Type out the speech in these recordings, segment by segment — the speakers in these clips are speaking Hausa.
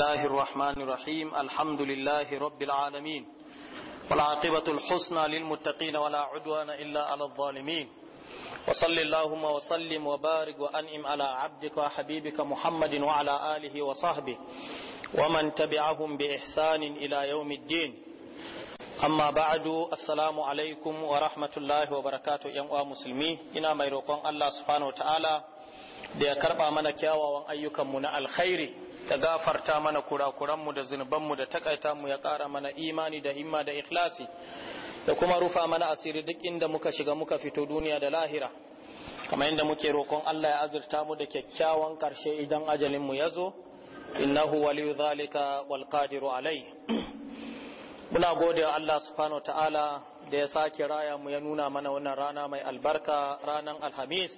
الله الرحمن الرحيم الحمد لله رب العالمين والعاقبة الحسنى للمتقين ولا عدوان إلا على الظالمين وصل اللهم وسلم وبارك وأنعم على عبدك وحبيبك محمد وعلى آله وصحبه ومن تبعهم بإحسان إلى يوم الدين amma ba'adu assalamu alaikum wa rahmatullahi wa barakatu yan uwa musulmi ina mai roƙon Allah subhanahu ta'ala da ya karba mana kyawawan ayyukanmu na alkhairi ya gafarta mana kurakuranmu da zunubanmu da takaita mu ya kara mana imani da himma da ikhlasi da kuma rufa mana asiri duk inda muka shiga muka fito duniya da lahira kamar yadda muke roƙon Allah ya azurta mu da kyakkyawan ƙarshe idan ajalin mu ya zo innahu waliyu zalika wal qadiru alai muna gode wa Allah subhanahu ta'ala da ya sake raya mu ya nuna mana wannan rana mai albarka ranar alhamis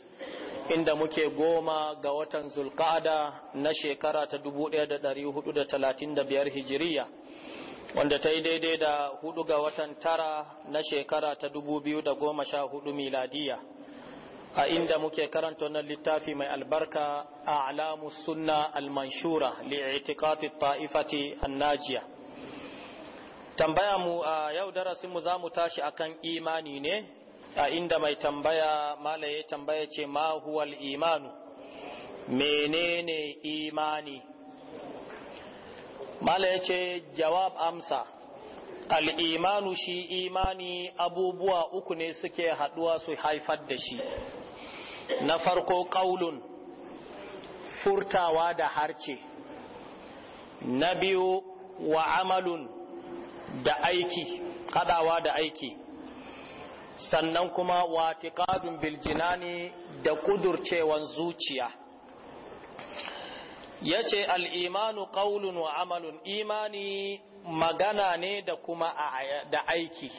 inda muke goma ga watan zulkada na shekara ta 1435 hijiriya wanda ta yi daidai da hudu ga watan tara na shekara ta 2014 miladiya a inda muke karanta wannan littafi mai albarka a alamu sunna almanshura li'itikati ta'ifati annajiya tambaya mu a yau darasinmu mu za mu tashi akan imani ne a inda mai tambaya malaye tambaya ce ma huwal imanu menene imani mala ce jawab amsa al'imanu shi imani abubuwa uku ne suke haɗuwa su haifar da shi na farko ƙaulun furtawa da harce na biyu wa amalun da aiki haɗawa da aiki sannan kuma watiqadun bil jinani da kudurcewan zuciya yace al imanu qawlun wa amalun imani magana ne da kuma da aiki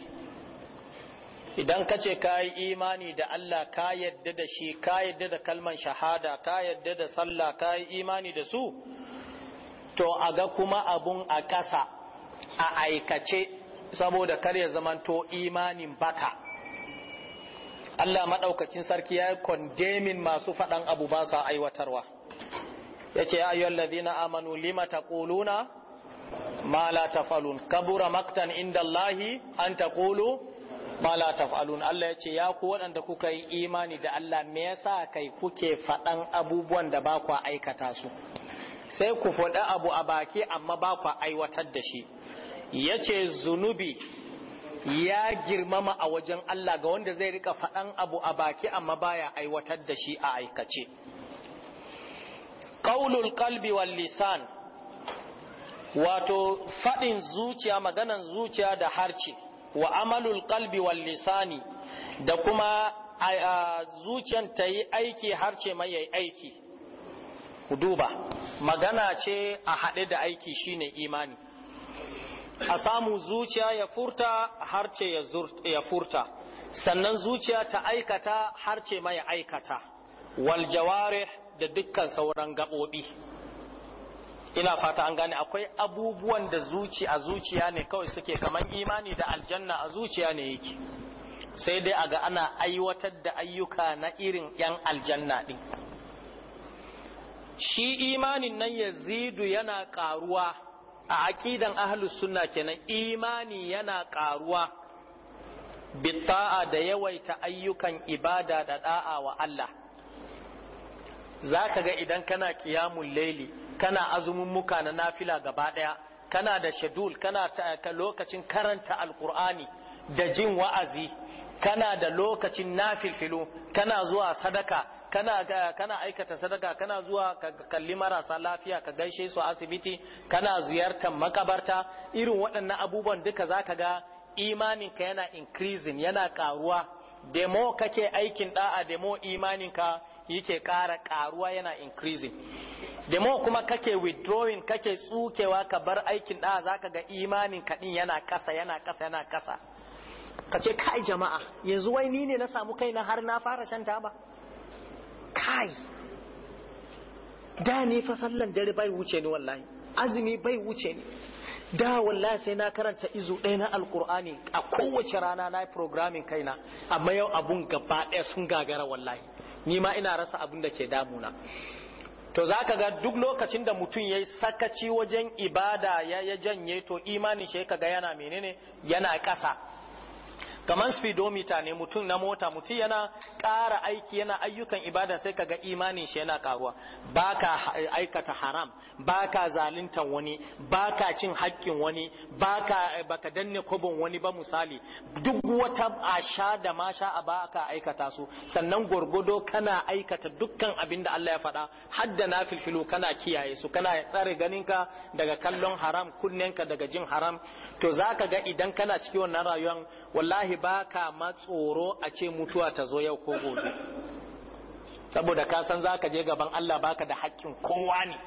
idan ka ce ka yi imani da Allah ka yadda da shi ka yadda da kalman shahada ka yadda da sallah ka yi imani da su to a ga kuma abun a ƙasa a aikace saboda kar ya zamanto imanin baka Allah maɗaukakin sarki ya kondemin masu faɗan abu ba sa aiwatarwa ya ce ayyuan amanu lima taquluna ma la tafalun kabura maktan inda Allahi an taqulu ma la tafalun Allah ya ce ya ku waɗanda kuka yi imani da Allah me yasa kai kuke faɗan abubuwan da ba ku aikata su sai ku faɗi abu a baki amma ba ku aiwatar da shi yace zunubi ya girmama a wajen Allah ga wanda zai rika faɗan abu a baki amma baya aiwatar da shi a aikace qaulul qalbi wal lisan wato faɗin zuciya maganan zuciya da harci wa amalul qalbi wal lisani da kuma zuciyan ta yi aiki harce mai yayi aiki duba magana ce a haɗe da aiki shine imani a samu zuciya ya furta harce ya furta sannan zuciya ta aikata harce ma mai aikata wal jaware da dukkan sauran gabobi. ina fata an gane akwai abubuwan da zuci a zuciya ne kawai suke kamar imani da aljanna a zuciya ne yake sai dai a ga ana aiwatar da ayyuka na irin 'yan aljanna ɗin shi imanin nan yazidu yana ƙaruwa a aƙidan ahlus sunna kenan imani yana ƙaruwa. bita'a da yawaita ayyukan ibada da da'a wa Allah zaka ga idan kana qiyamul laili kana azumin muka na nafila gaba daya kana da shadul kana ta lokacin karanta alqur'ani da jin wa'azi kana da lokacin filfilo kana zuwa sadaka kana kana aikata sadaka kana zuwa ka kalli marasa lafiya ka gaishe su asibiti kana ziyartar makabarta irin waɗannan abubuwan duka zaka ga imaninka yana increasing yana karuwa demo kake aikin da'a demo imaninka yake ƙara karuwa yana increasing demo kuma kake withdrawing kake tsukewa ka bar aikin da'a zaka ga imanin ka din yana kasa yana kasa yana kasa kace kai jama'a yanzu wai ni ne na samu kaina har na fara shan taba kai da ni fa sallan dare bai wuce ni wallahi azumi bai wuce ni da wallahi sai na karanta izu ɗaya na alkur'ani a kowace rana na yi programming kaina amma yau abun gaba ɗaya sun gagara wallahi ni ma ina rasa abun da ke damuna to za ka ga duk lokacin da mutum ya yi sakaci wajen ibada ya ya janye to imanin shi ka ga yana menene yana ƙasa kamar speedometer ne mutum na mota mutum yana ƙara aiki yana ayyukan ibada sai kaga imanin shi yana karuwa baka aikata haram baka zaluntan wani baka cin hakkin wani baka baka danne kobon wani ba misali duk wata asha da masha a baka aikata su sannan gurgudo kana aikata dukkan abinda Allah ya faɗa hadda na filfilu kana kiyaye su kana tsare ganinka daga kallon haram kunnenka daga jin haram to zaka ga idan kana cikin wannan rayuwar wallahi wallahi ba ka tsoro a ce mutuwa ta zo yau ko gobe saboda ka san za ka je gaban Allah baka da haƙƙin kowa ne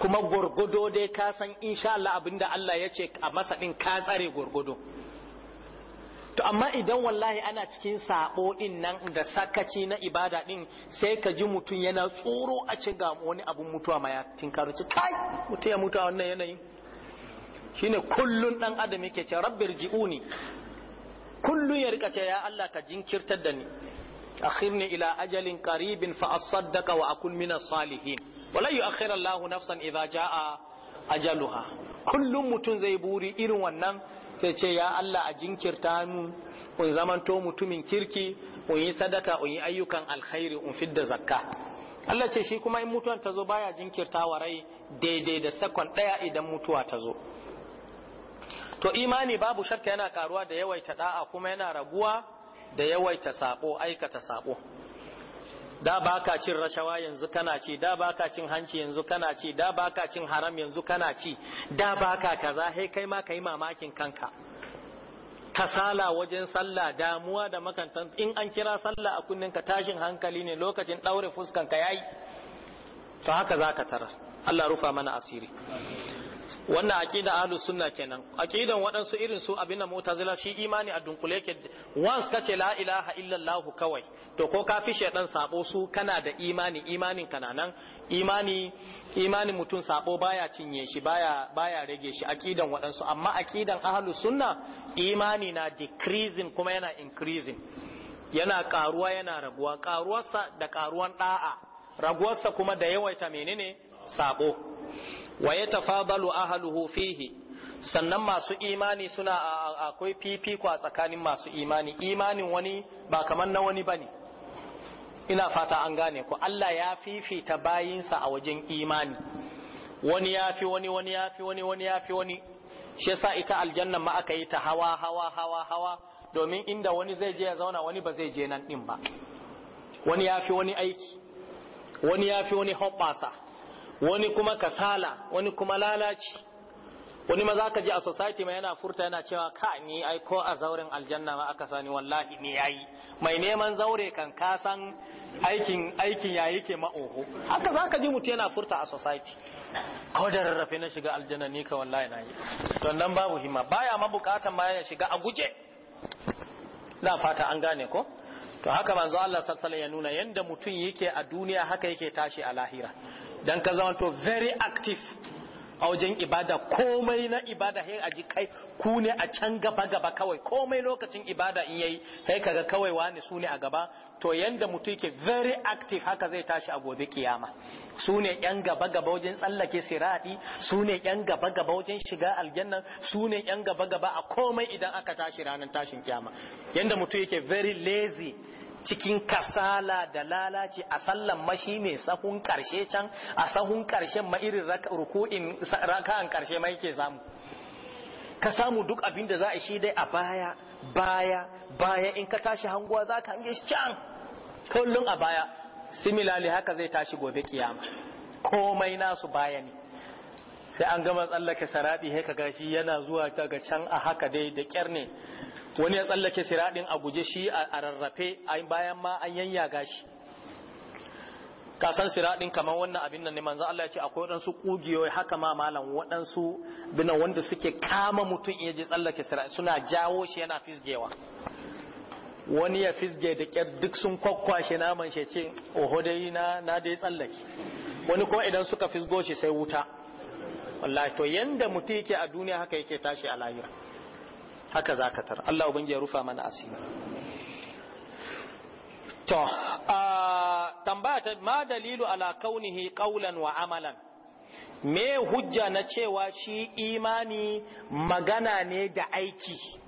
kuma gurgudo dai ka san insha Allah abinda Allah ya ce a masa ɗin ka tsare gurgudo to amma idan wallahi ana cikin sabo ɗin nan da sakaci na ibada ɗin sai ka ji mutum yana tsoro a ce ga wani abin mutuwa ma ya ci kai mutum ya mutu wannan yanayin shine kullun dan adam yake ce rabbir ji'uni kullu ya rika ce ya Allah ka jinkirtar da ni akhirni ila ajalin qaribin fa asaddaqa wa akun min salihin wala yu'akhir Allahu nafsan idza jaa ajaluha kullum mutun zai buri irin wannan sai ce ya Allah a jinkirta mu un zamanto mutumin kirki un yi sadaka un yi ayyukan alkhairi un fidda zakka Allah ce shi kuma in mutuwar ta zo baya jinkirta wa rai daidai da sakon daya idan mutuwa ta zo to imani babu shakka yana karuwa da yawaita da'a kuma yana raguwa da yawaita sako aikata sako da baka cin rashawa yanzu kana ci da baka cin hanci yanzu kana ci da baka cin haram yanzu kana ci da baka kaza sai kai ma kai mamakin kanka kasala wajen sallah damuwa da makantan in an kira sallah a kunnen ka tashin hankali ne lokacin daure fuskan ka yayi to haka zaka tarar Allah rufa mana asiri wannan aqida ahlu sunna kenan aqidan waɗansu irin su abin mu'tazila shi imani a dunkule yake once kace la ilaha illallah kawai to ko ka fi shedan sabo su kana da imani imanin kana nan imani imani mutum sabo baya cinye shi baya baya rage shi aqidan waɗansu amma aqidan ahlu sunna imani na decreasing kuma yana increasing yana karuwa yana raguwa karuwarsa da karuwan da'a raguwarsa kuma da yawaita menene sabo wa ya yatafadalu ahluhu fihi sannan masu imani suna akwai fifiko a tsakanin masu imani imanin wani ba kamar na wani bane ina fata an gane ku Allah ya fifita bayinsa a wajen imani wani ya fi wani wani ya fi wani wani ya fi wani shi yasa ita aljanna ma aka yi ta hawa hawa hawa hawa domin inda wani zai je ya zauna wani ba zai je nan din ba wani ya fi wani aiki wani ya fi wani hoppasa wani kuma kasala wani kuma lalaci wani ma za ka ji a society mai yana furta yana cewa ka ni ai ko a zauren aljanna ma aka sani wallahi ni yayi mai neman zaure kan ka san aikin aikin ya yake ma'oho haka za ka ji mutu yana furta a society ko da rarrafe na shiga aljanna ni ka wallahi na yi to nan babu himma baya ma bukatan ma ya shiga a guje na fata an gane ko to haka manzo Allah sallallahu alaihi ya nuna yanda mutum yake a duniya haka yake tashi a lahira dan ka zama to very active a wajen ibada komai na ibada sai a kai ku ne a can gaba gaba kawai komai lokacin ibada in yayi sai kaga kawai wani su ne a gaba to yanda mutum yake very active haka zai tashi a gobe kiyama su ne yan gaba gaba wajen tsallake siradi su ne yan gaba gaba wajen shiga aljanna su ne yan gaba gaba a komai idan aka tashi ranar tashin kiyama yanda mutum yake very lazy cikin kasala da lalaci a sallan ma shi ne sahun karshe can a sahun karshen ma irin ruku'in raka'an karshe ma yake samu ka samu duk abin da za a shi dai a baya baya baya in ka tashi hanguwa za ka hange shi can kullum a baya similali haka zai tashi gobe kiyama komai nasu baya ne sai an gama tsallake sarabi haka gashi yana zuwa daga can a haka dai da kyar ne wani ya tsallake siraɗin a guje shi a rarrafe bayan ma an yayyaga shi ka san siraɗin kamar wannan abin nan ne manzo Allah ya ce akwai waɗansu ƙugiyoyi haka ma malam waɗansu bina wanda suke kama mutum in yaje tsallake siraɗin suna jawo shi yana fisgewa wani ya fisge da ƙyar duk sun kwakwashe naman shi ce oho dai na na dai tsallake wani kuma idan suka fisgo shi sai wuta wallahi to yanda mutum yake a duniya haka yake tashi a lahira haka za ka tara, Allah ubangi ya rufa mana asiri to a tambaya ta ma dalilu ala kaunihi qaulan wa amalan me hujja na cewa shi imani magana ne da aiki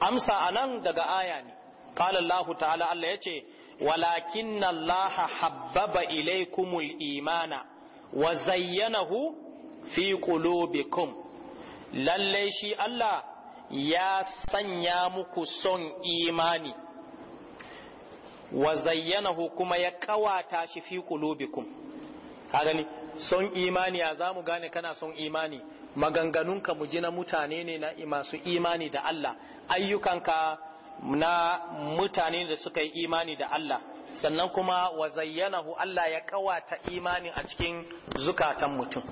amsa anan daga aya ne qala Allah ta'ala Allah yace walakinna Allah habbaba ilaykumul imana wa zayyanahu fi qulubikum lallai shi Allah ya sanya muku son imani wa zayyanahu kuma ya kawata shi fi qulubikum ka gani son imani ya zamu gane kana son imani maganganunka mu ji na mutane ne na masu imani da Allah ayyukanka na mutane da suka yi imani da Allah sannan kuma wa zayyanahu Allah ya kawata imani a cikin zukatan mutum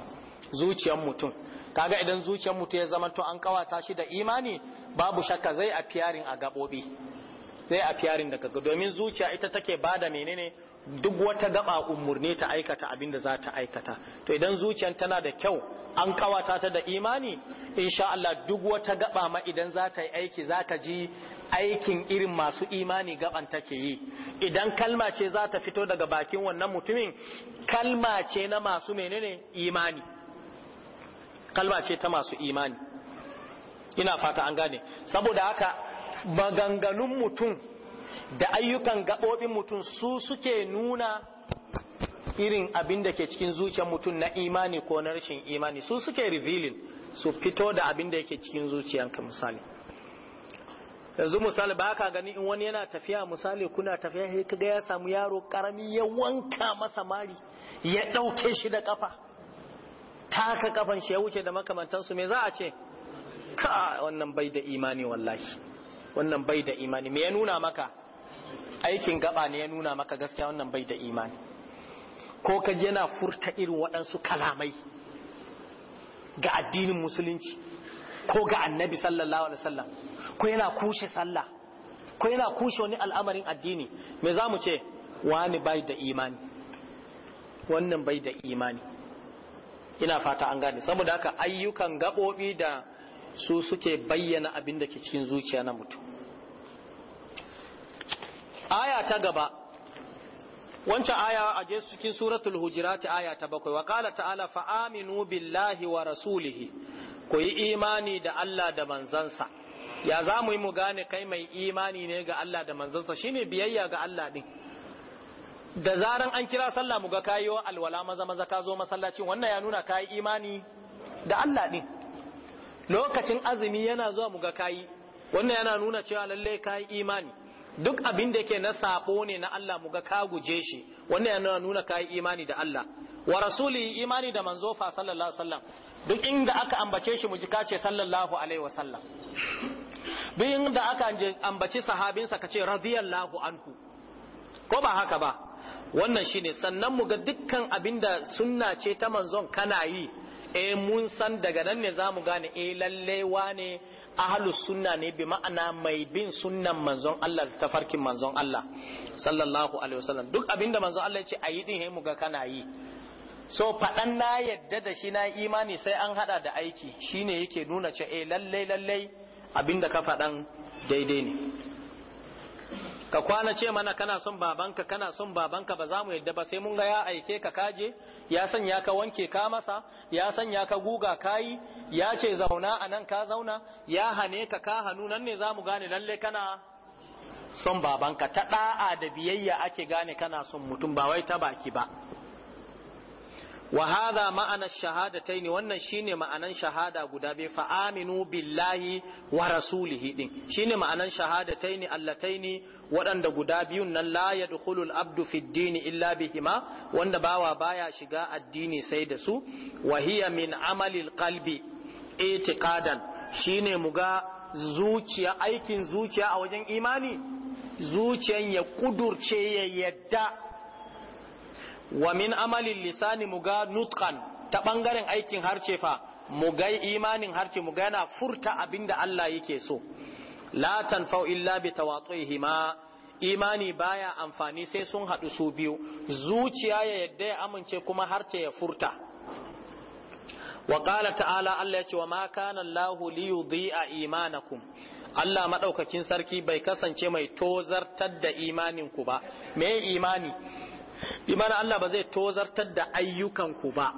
zuciyar mutum kaga idan zuciyar mutu ya zama to an kawata shi da imani babu shakka zai a fiyarin a gabobi zai a fiyarin da kaga domin zuciya ita take bada menene duk wata gaba umurni ta aikata abin da za ta aikata to idan zuciyar tana da kyau an kawata ta da imani insha Allah duk wata gaba ma idan za ta yi aiki za ka ji aikin irin masu imani gaban take yi idan kalma ce za ta fito daga bakin wannan mutumin kalma ce na masu menene imani kalma ce ta masu imani ina fata an gane saboda haka maganganun mutum da ayyukan gaɓoɓin mutum su suke nuna irin abin da ke cikin zuciyar mutum na imani ko na rashin imani su suke revealing su fito da abin da yake cikin zuciyanka misali yanzu misali ba ka gani in wani yana tafiya misali kuna tafiya sai kaga ya samu yaro karami ya wanka masa mari ya ɗauke shi da ƙafa. taka kafan shi ya wuce da makamantansu me za a ce ka wannan bai da imani wallahi wannan bai da imani me ya nuna maka aikin gaba ne ya nuna maka gaskiya wannan bai da imani ko ka yana furta irin waɗansu kalamai ga addinin musulunci ko ga annabi sallallahu alaihi wasallam ko yana kushe sallah ko yana kushe wani al'amarin addini me za mu ce wani bai da imani wannan bai da imani ina fata an gane saboda haka ayyukan gaɓoɓi da su suke bayyana abin da ke cikin zuciya na mutum aya ta gaba wancan aya a je cikin suratul hujurati aya ta bakwai wa qala ta'ala fa aminu billahi wa rasulihi ku yi imani da Allah da manzansa ya za mu yi mu gane kai mai imani ne ga Allah da manzansa shine biyayya ga Allah din da zaran an kira sallah mu ga kayo alwala maza maza ka zo masallacin wannan ya nuna kayi imani da Allah din lokacin azumi yana zuwa mu ga kayi wannan yana nuna cewa lalle kayi imani duk abin da yake na sabo ne na Allah mu ga ka guje shi wannan yana nuna kayi imani da Allah wa rasuli imani da manzo fa sallallahu alaihi wasallam duk inda aka ambace shi mu ji kace sallallahu alaihi wasallam duk inda aka ambaci sahabinsa kace radiyallahu anhu ko ba haka ba wannan shine sannan muga ga dukkan abinda sunna ce ta manzon kana yi eh mun san daga nan ne zamu gane eh lalle wane ahlus sunna ne bi ma'ana mai bin sunnan manzon Allah ta farkin manzon Allah sallallahu alaihi wasallam duk abinda manzon Allah ya ce ayi din he mu ga kana yi so faɗan na yadda da shi na imani sai an hada da aiki shine yake nuna ce eh lalle lalle abinda ka faɗan daidai ne ka kwana ce mana kana son babanka kana son babanka ba za mu yadda ba sai mun ga ya aike ka kaje ya sanya ka wanke ka masa ya sanya ka guga kayi ya ce zauna a nan ka zauna ya hane ka ka hannu nan ne za mu gane lalle kana son babanka ta da'a da biyayya ake gane kana son mutum ba wai ta baki ba wa hadha ma'ana shahadataini wannan shine ma'anan shahada guda biyu fa aminu billahi wa rasulihi din shine ma'anan shahadataini allataini waɗanda guda biyun nan la yadkhulul abdu fi dini illa bihima wanda bawa baya shiga addini sai da su wa hiya min amalil qalbi itiqadan shine muga zuciya aikin zuciya a wajen imani zuciyan ya kudurce ya yadda wa min amalin lisani muga nutqan ta bangaren aikin harce fa muga imanin harce ga yana furta abinda Allah yake so la tanfau illa bi ma imani baya amfani sai sun haɗu su biyu zuciya ya yadda ya amince kuma harce ya furta wa qala ta'ala Allah ya ce wa ma kana Allah li yudhi'a imanakum Allah maɗaukacin sarki bai kasance mai tozartar da imaninku ba me imani bi mana Allah ba zai tozartar da ayyukanku ba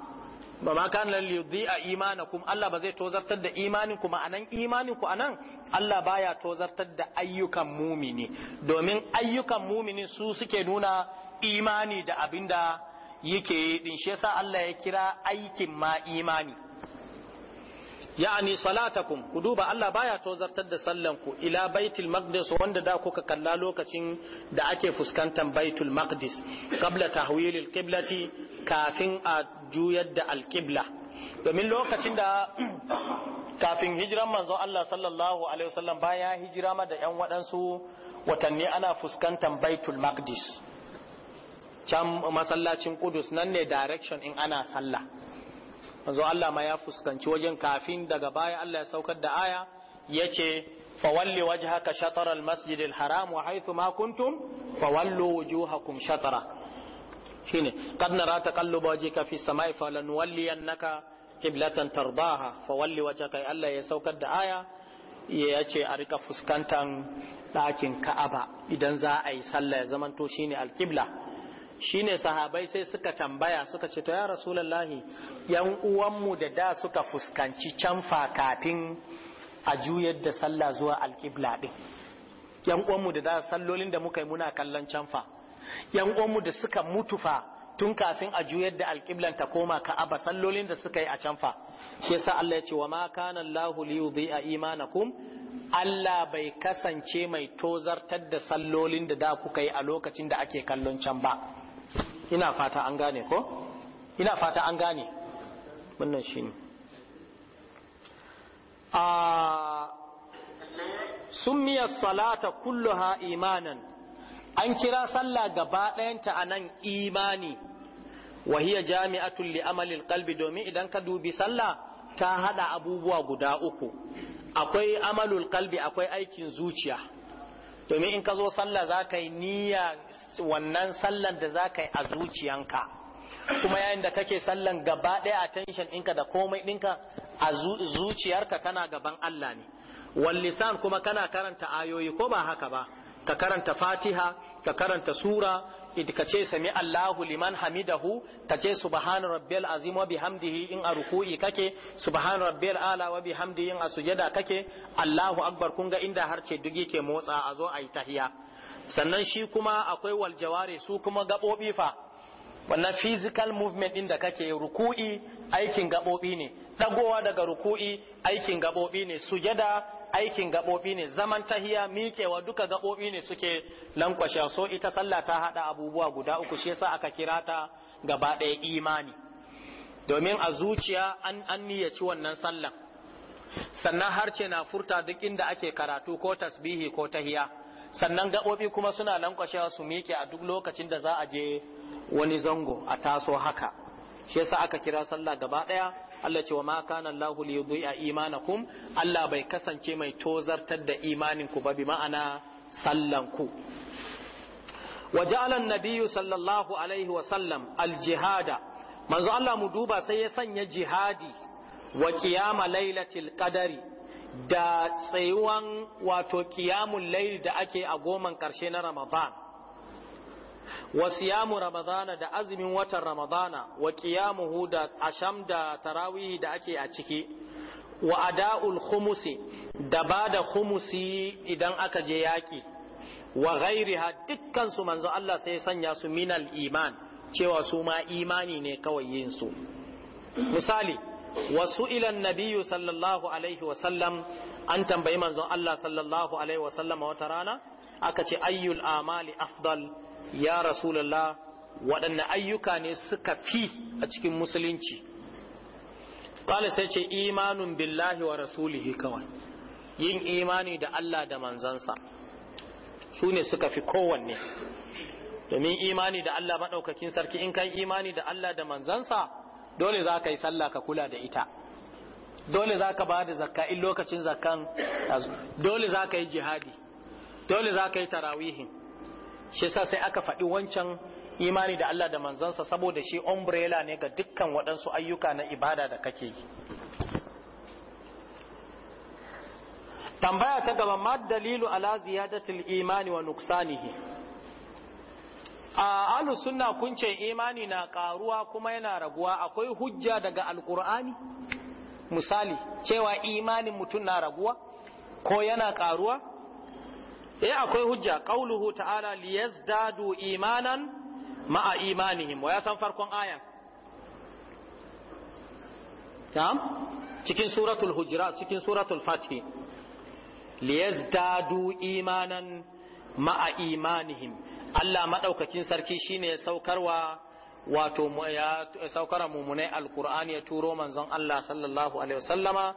ba ma kan lan yudhi'a imanakum Allah ba zai tozartar da imaninku ma anan imaninku anan Allah baya tozartar da ayyukan mumini domin ayyukan mumini su suke nuna imani da abinda yake din shi yasa Allah ya kira aikin ma imani ya'ani salatakum ku duba Allah baya tozartar da sallan ku ila baitul maqdis wanda da kuka kalla lokacin da ake fuskantar baitul maqdis qabla tahwilil qiblati kafin a juyar da alqibla domin lokacin da kafin hijiran manzon Allah sallallahu alaihi wasallam baya hijira ma da yan waɗansu watanni ana fuskantar baitul maqdis can masallacin kudus nan ne direction in ana sallah manzo Allah ma ya fuskanci wajen kafin daga baya Allah ya saukar da aya yace fawalli wajhaka shatara al-masjid al-haram wa haythu ma kuntum fawallu wujuhakum shatara shine qad nara taqalluba wajhika fi samai falanwalliyannaka qiblatan tardaha fawalli wajhaka Allah ya saukar da aya ya ce a rika fuskantan ɗakin ka'aba idan za a yi sallah ya zamanto shine al shine sahabai sai suka tambaya suka ce to ya rasulallahi yan uwanmu da da suka fuskanci canfa kafin a juyar da sallah zuwa alƙibla ɗin yan uwanmu da da sallolin da muka yi muna kallon canfa yan uwanmu da suka mutu fa tun kafin a juyar da alƙiblan ta koma ka'aba sallolin da suka yi a canfa shi yasa Allah ya ce wa ma kana Allahu li yudhi'a imanakum Allah bai kasance mai tozartar da sallolin da da kuka yi a lokacin da ake kallon can ba ina fata an gane ko ina fata an gane wannan shi ne. a summiya salata kulluha imanan an kira sallah gaba ɗayanta a nan imani wahiya jami'atun li amalil qalbi domin idan ka dubi sallah ta hada abubuwa guda uku akwai amalul kalbi akwai aikin zuciya domin in ka zo sallah za ka yi niyya wannan sallan da za ka yi a zuciyanka kuma yayin da kake sallan gaba ɗaya attention ɗinka da komai ɗinka a zuciyarka kana gaban Allah ne wal lisan kuma kana karanta ayoyi ko ba haka ba ka karanta fatiha ka karanta sura ka ce sami Allahu liman hamidahu ka ce subhana rabbiyal azim wa bihamdihi in a ruku'i kake subhanu rabbiyal ala wa bihamdihi in a sujada kake Allahu akbar kun ga inda harce duk ke motsa a zo a yi tahiya sannan shi kuma akwai waljaware su kuma gabobi fa wannan physical movement din da kake ruku'i aikin gabobi ne ɗagowa daga ruku'i aikin gabobi ne sujada aikin gaɓoɓi ne zaman tahiya miƙewa duka gaɓoɓi ne suke lankwashe so ita sallah ta haɗa abubuwa guda uku shi yasa aka kira ta gaba ɗaya imani domin a zuciya an an niyyaci wannan sallah sannan harce na furta duk inda ake karatu ko tasbihi ko tahiya sannan gaɓoɓi kuma suna lankwashe su miƙe a duk lokacin da za a je wani zango a taso haka shi yasa aka kira sallah gaba ɗaya Allah ce wa ma kana Allahu li yudhi'a imanakum Allah bai kasance mai tozartar da imanin ku ba bi ma'ana sallan ku wa ja'ala an-nabiyyu sallallahu alaihi wa sallam al-jihada manzo Allah mu duba sai ya sanya jihadi wa qiyama lailatul qadari da tsayuwan wato qiyamul layl da ake a goman karshe na Ramadan wa siyamu ramadana da azumin watan ramadana wa qiyamuhu da asham da tarawih da ake a ciki wa ada'ul khumusi da bada khumusi idan aka je yaki wa ghairiha dukkan su manzo Allah sai sanya su minal iman cewa su ma imani ne kawai yin su misali wasu ilan nabiyu sallallahu alaihi sallam an tambayi manzo Allah sallallahu alaihi sallam wata rana aka ce ayyul amali afdal ya rasulallah waɗanne ayyuka ne suka fi a cikin musulunci ƙwale sai ce imanun billahi wa rasulihi kawai yin imani da Allah da manzansa su ne suka fi kowanne domin imani da Allah maɗaukakin sarki in kai imani da Allah da manzansa dole za ka yi sallah ka kula da ita dole za ka ba da zakka in lokacin zakkan dole za ka yi jihadi dole za ka yi tarawihin shi sa sai aka faɗi wancan imani da Allah da manzansa saboda shi umbrella ne ga dukkan waɗansu ayyuka na ibada da kake yi tambaya ta gaba ma dalilu ala ziyadatul imani wa nuksanihi a alu sunna kun ce imani na karuwa kuma yana raguwa akwai hujja daga alkur'ani misali cewa imanin mutum na raguwa ko yana karuwa E akwai hujja qauluhu ta'ala liyazdadu imanan ma'a imanihim wa ya san farkon ayan na'am cikin suratul hujurat cikin suratul fath liyazdadu imanan ma'a imanihim Allah madaukakin sarki shine ya saukarwa wato ya saukara mumunai alkur'ani ya turo manzon Allah sallallahu alaihi wasallama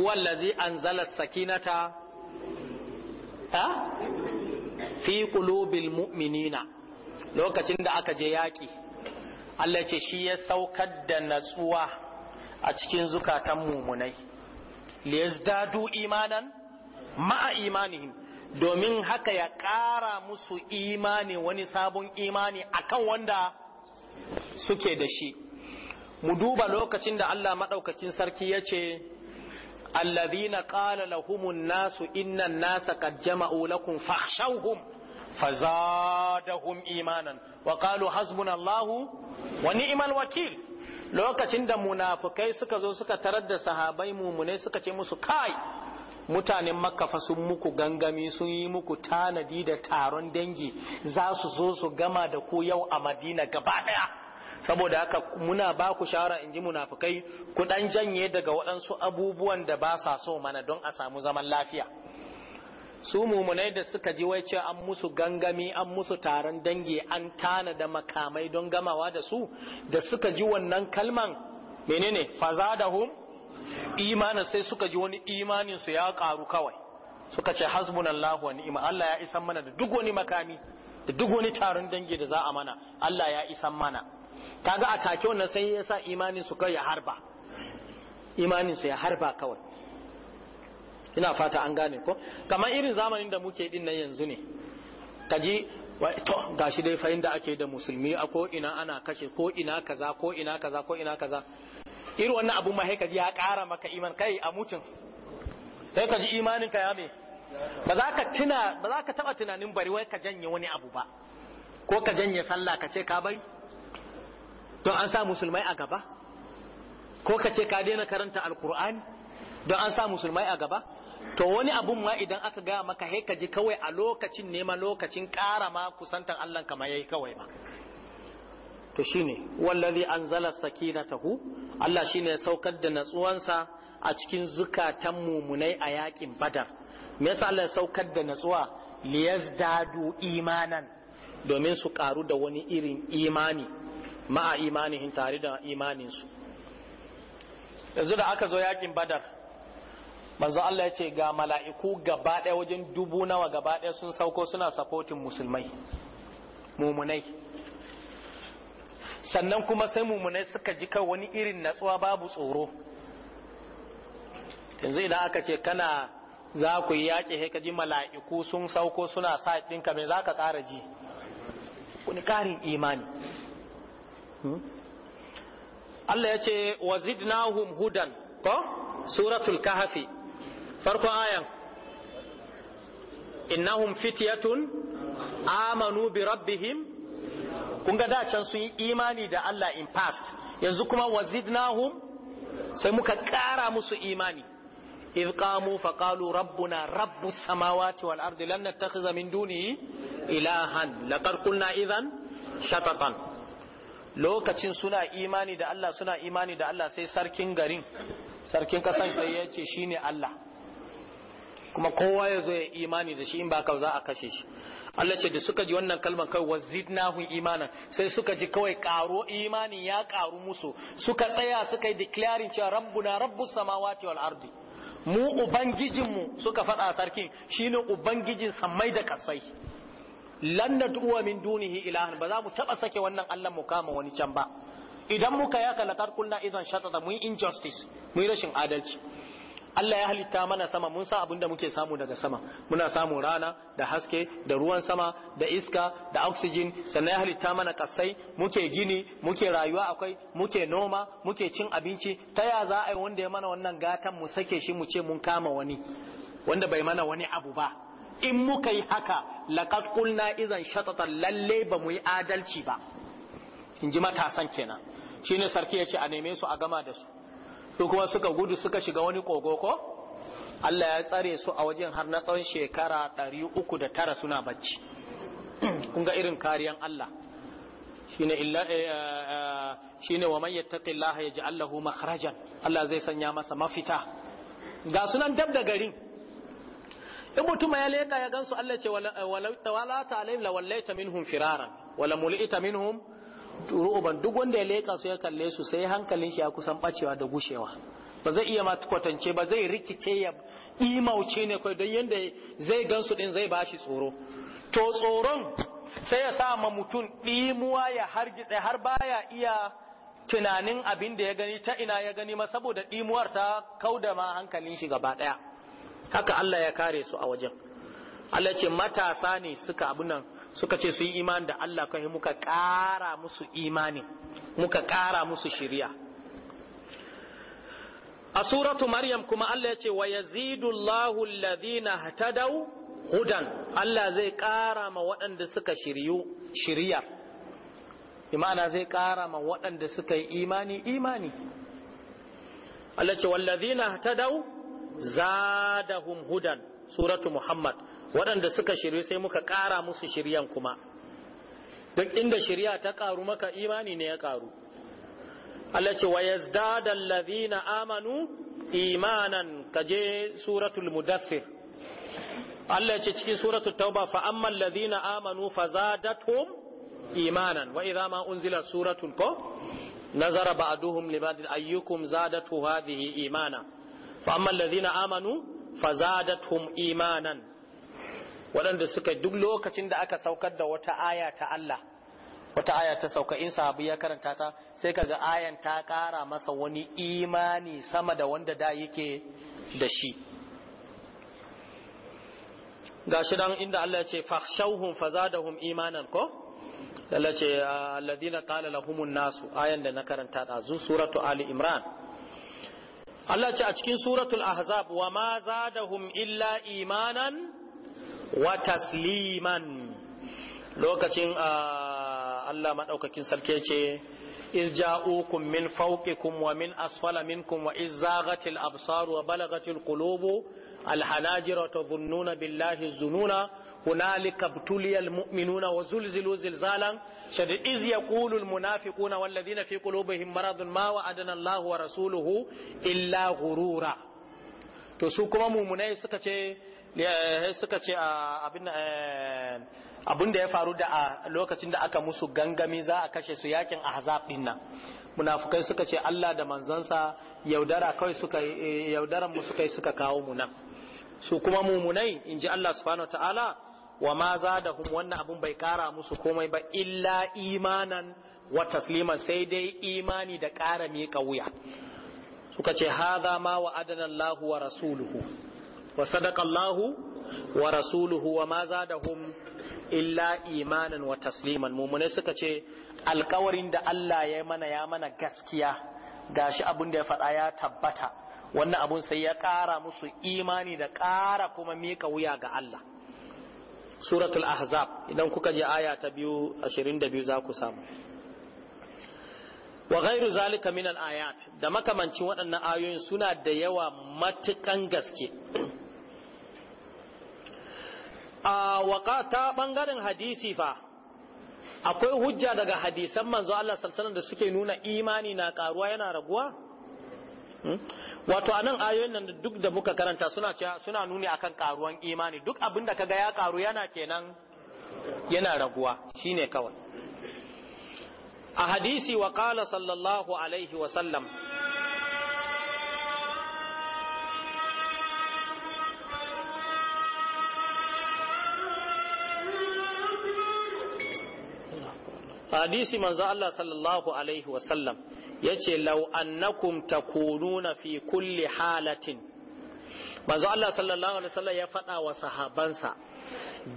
wallazi anzala sakinata fi qulubil mu'minina lokacin da aka je yaki Allah ce shi ya saukar da natsuwa a cikin zukatan mumunai liyazdadu imanan ma'a imanihim domin haka ya ƙara musu imani wani sabon imani akan wanda suke da shi mu duba lokacin da Allah maɗaukakin sarki ya ce alladhina qala lahumun nasu innan nasa qad jama'u lakum fakhshawhum fazadahum imanan wa qalu hasbunallahu wa ni'mal wakil lokacin da munafukai suka zo suka tarar da sahabai mumunai suka ce musu kai mutanen makka fa sun muku gangami sun yi muku tanadi da taron dangi za su zo su gama da ku yau a madina gaba daya saboda haka muna ba ku shawara in ji munafukai ku dan janye daga waɗansu abubuwan da ba sa so mana don a samu zaman lafiya su mumunai da suka ji wai ce an musu gangami an musu taron dangi an tana da makamai don gamawa da su da suka ji wannan kalman menene fazadahum imanin sai suka ji wani imanin su ya karu kawai suka ce hasbunallahu wa ni'ma Allah ya isan mana da duk wani makami da duk wani taron dangi da za a mana Allah ya isan mana kaga a take wannan sai ya sa imanin su kai ya harba imanin su ya harba kawai ina fata an gane ko kamar irin zamanin da muke din nan yanzu ne kaji to gashi dai fahimta ake da musulmi a ko ina ana kashe ko ina kaza ko ina kaza ko ina kaza irin wannan abun ma kaji ya kara maka iman kai a mutum sai kaji imanin ka ya me ba za ka tuna ba za ka taba tunanin bari wai ka janye wani abu ba ko ka janye sallah ka ce ka bari don an sa musulmai a gaba ko ka ce ka daina karanta alkur'ani don an sa musulmai a gaba to wani abun ma idan aka gaya maka he ka ji kawai a lokacin nema lokacin ƙara ma kusantar Allah kama yi kawai ba to shi zala wallazi na tahu, Allah shine ya saukar da natsuwansa a cikin zukatan mumunai a yakin badar me yasa Allah saukar da natsuwa dadu imanan domin su karu da wani irin imani ma'a imanihin tare da imaninsu yanzu da aka zo yakin badar manzo Allah ya ce ga mala'iku gaba ɗaya wajen dubu nawa gaba ɗaya sun sauko suna sapotin musulmai mumunai sannan kuma sai mumunai suka ji kai wani irin natsuwa babu tsoro yanzu idan aka ce kana za ku yi yaƙi ka ji mala'iku sun sauko suna sa ɗinka mai za ka ƙara ji wani ƙarin imani Hmm? Allah ya ce wa zidnahum hudan ko suratul kahfi farko ayan innahum fityatun amanu bi rabbihim kun ga da can sun yi imani da Allah in past yanzu kuma wa zidnahum sai muka ƙara musu imani إذ قاموا فقالوا ربنا رب السماوات والأرض لن نتخذ من دونه إلها لقد قلنا إذا شططا lokacin suna imani da Allah suna imani da Allah sai sarkin garin sarkin kasan sai ya ce shine Allah kuma kowa ya zo ya imani da shi in ba ka za a kashe shi Allah ce da suka ji wannan kalmar kai wazidnahum imanan sai suka ji kawai karo imanin ya karu musu suka tsaya suka yi declaring cewa rabbuna rabbus samawati wal ardi mu ubangijinmu suka faɗa sarkin shine ubangijin samai da kasai lan nad'uwa min dunihi ilahan ba za mu taba sake wannan Allah mu kama wani can ba idan muka yaka laqad kunna idan shatata mu injustice mu rashin adalci Allah ya halitta mana sama mun sa abin da muke samu daga sama muna samu rana da haske da ruwan sama da iska da oxygen sannan ya halitta mana kasai muke gini muke rayuwa akwai muke noma muke cin abinci ta ya za a yi wanda ya mana wannan gatan mu sake shi mu ce mun kama wani wanda bai mana wani abu ba in muka yi haka laqad izan izan shatata lalle ba mu yi adalci ba in ji matasan kenan Shi ne sarki ya ce a neme su a gama da su su kuma suka gudu suka shiga wani kogo Allah ya tsare su a wajen har na tsawon shekara ɗari uku da tara suna bacci kun irin kariyan Allah shine wa eh, eh, shine wa man ji Allah lahu makarajan. Allah zai sanya masa mafita ga sunan dab da garin in mutum ya leka ya gansu Allah ce wala eh, ta alayhim la wallaita minhum firara wala mul'ita minhum ru'uban duk wanda ya leka su ya kalle su sai hankalin shi ya kusan bacewa da gushewa ba zai iya ma kwatance ba zai rikice ya imauce ne kai don yanda zai gansu din zai bashi tsoro to tsoron sai ya sa ma mutum ɗimuwa ya hargitse har baya iya tunanin abin da ya gani ta ina ya gani ma saboda ɗimuwar ta kauda ma hankalin shi gaba ɗaya haka Allah ya kare su a wajen Allah ce matasa ne suka abu nan suka ce su yi imani da Allah kai muka ƙara musu imani muka ƙara musu shiriya a suratu maryam kuma Allah ya ce wa yazidullahu alladhina hatadaw hudan Allah zai ƙara ma waɗanda suka shiryu shiriya imana zai ƙara ma waɗanda suka yi imani imani Allah ce wallazina hatadau zadahum hudan suratu muhammad waɗanda suka shirye sai muka ƙara musu shiryan kuma duk inda shirya ta ƙaru maka imani ne ya ƙaru Allah ce wa yazdada allazina amanu imanan kaje suratul mudaffir Allah ce cikin suratul tauba fa ammal ladina amanu fazadathum imanan wa idza ma unzila suratul ko nazara ba'duhum libadil ayyukum zadatu hadhihi imana fa amma allazina amanu fazadathum imanan waɗanda suka duk lokacin da aka saukar da wata aya ta Allah wata aya ta sauka in sahabi ya karanta ta sai kaga ayan ta ƙara masa wani imani sama da wanda da yake da shi gashi dan inda Allah ya ce fakhshawhum fazadahum imanan ko Allah ce alladina qala lahumun nasu ayan da na karanta da suratu ali imran Allah ce a cikin suratul ahzab wa ma zadahum illa imanan wa tasliman lokacin ah, Allah maɗaukakin sarki ce irja'ukum min fawqikum wa min asfala minkum wa izzaghatil absar wa balagatil qulubu alhanajira tadhunnuna billahi zununa هنالك ابتلي المؤمنون وزلزلوا زلزالا شديد إذ يقول المنافقون والذين في قلوبهم مرض ما وعدنا الله ورسوله إلا غرورا تسوكما مؤمنين سكتي سكتي أبن abin da ya faru da a lokacin da aka musu gangami za a kashe su yakin a din nan munafukai suka ce Allah da manzansa yaudara kawai suka eh, yaudaran mu suka yi suka kawo mu nan su kuma mumunai in ji Allah subhanahu ta'ala wa ma zadahum wannan abun bai kara musu komai ba illa imanan wa tasliman sai dai imani da kara miƙa wuya suka ce haza ma wa adana wa rasuluhu wa sadaka Allah wa rasuluhu wa ma zadahum illa imanan wa tasliman mumune suka ce alkawarin da Allah ya mana ya mana gaskiya gashi abun da ya faɗa ya tabbata wannan abun sai ya ƙara musu imani da ƙara kuma miƙa wuya ga Allah suratul ahzab idan kuka je aya ta biyu ashirin da biyu za ku samu wa ghairu zalika min al da makamancin waɗannan ayoyin suna da yawa matukan gaske a waka ta bangaren hadisi fa akwai hujja daga hadisan manzo Allah sallallahu da suke nuna imani na karuwa yana raguwa Hmm? wato anan ayoyin nan duk da muka karanta suna suna nuni akan karuwan imani duk abin da kaga ya karu yana kenan yana raguwa shine kawai a hadisi wa qala sallallahu alaihi wa sallam hadisi manzo Allah sallallahu alaihi wa sallam yace law annakum takununa fi kulli halatin manzo Allah sallallahu alaihi wasallam ya faɗa wa sahabansa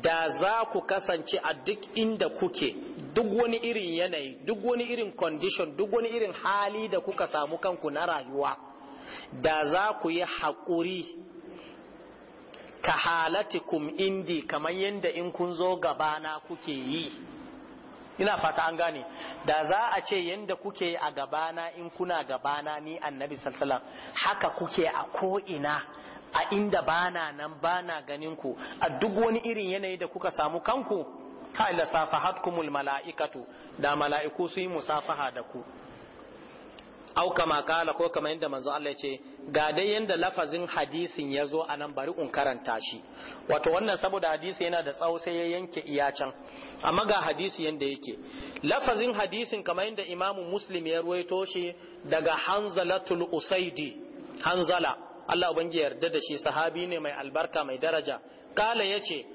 da za ku kasance a duk inda kuke duk wani irin yanayi duk wani irin condition duk wani irin hali da kuka samu kanku na rayuwa da za ku yi haƙuri ka halatikum indi kamar yadda in kun zo gabana kuke yi ina fata an gane da za a ce yadda kuke a gabana in kuna gabana ni annabi sallallahu haka kuke a ko ina a inda bana nan bana ganin ku a duk wani irin yanayi da kuka samu kanku kai la safahatkumul mala'ikatu da mala'iku su yi musafaha da ku au kama kala ko kama yadda manzo Allah ya ce ga dai yanda lafazin hadisin ya zo anan bari in karanta shi wato wannan saboda hadisi yana da tsawo sai ya yanke iya can amma ga hadisi yanda yake lafazin hadisin kama yadda imamu muslim ya ruwaito shi daga hanzalatul usaidi hanzala Allah ubangi yarda da shi sahabi ne mai albarka mai daraja kala yace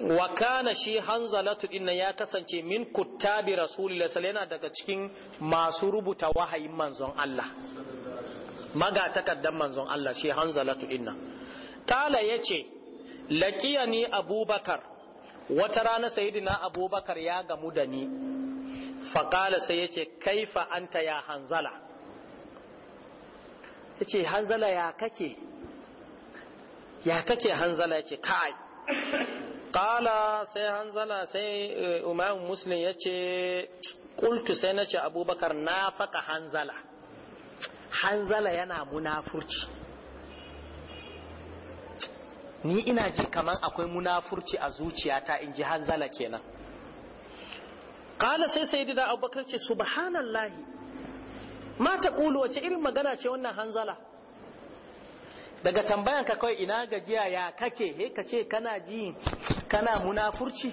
wa kana shi hanzalatu dinna ya kasance min kuttabi rasulillahi sallallahu yana daga cikin masu rubuta wahayin manzon Allah maga takaddan manzon Allah shi hanzalatu dinna kala yace laqiyani abubakar wata rana sayyidina abubakar ya gamu da ni kala sai yace kaifa anta ya hanzala yace hanzala ya kake ya kake hanzala yace kai qala sai hanzala sai eh, imam muslim yace qultu sai nace abubakar faka hanzala hanzala yana munafurci ni ina ji kaman akwai munafurci a zuciyata in ji hanzala kenan Kala sai dida abubakar ce subhanallahi Mata taqulu wace irin magana ce wannan hanzala daga tambayan ka kawai ina gajiya ya kake he kace ce kana ji kana munafurci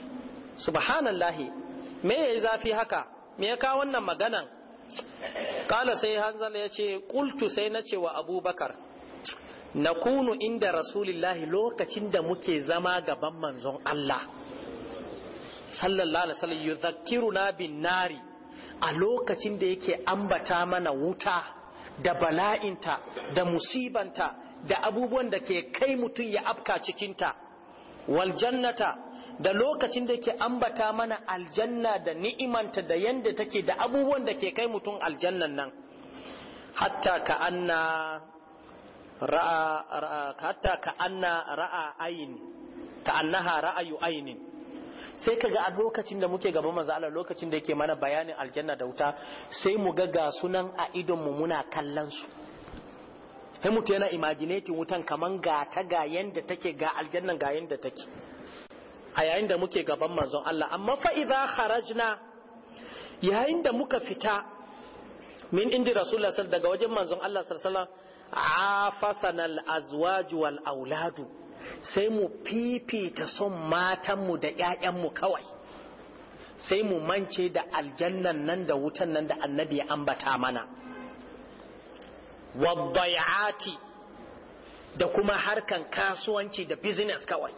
subhanallahi me yayi zafi haka me ya kawo wannan magana kala sai hanzala ya ce kultu sai na ce wa abubakar na kunu inda rasulillahi lokacin da muke zama gaban manzon Allah sallallahu alaihi wasallam yuzakkiruna bin nari a lokacin da yake ambata mana wuta da bala'inta da musibanta da abubuwan da ke kai mutum ya afka cikinta wal jannata da lokacin da ke ambata mana aljanna da ni'imanta da yanda take da abubuwan da ke kai mutum aljannan nan hatta ka anna ra'a, raa hatta ka anna ra'a ayin ta annaha ra'ayu ainin sai kaga a lokacin da muke gaba manzo Allah lokacin da yake mana bayanin aljanna da wuta sai mu ga ga sunan a idon mu muna kallon su sai mutu yana imaginating wutan kaman ga ta ga yanda take ga aljannan ga yanda take a yayin da muke gaban manzon Allah amma fa idza kharajna yayin da muka fita min indi rasulullah sallallahu daga wajen manzon Allah sallallahu alaihi azwaj wal auladu sai mu fifita son matanmu da ƴaƴanmu kawai sai mu mance da aljannan nan da wutan nan da annabi ya ambata mana waddai'ati da kuma harkan kasuwanci da business kawai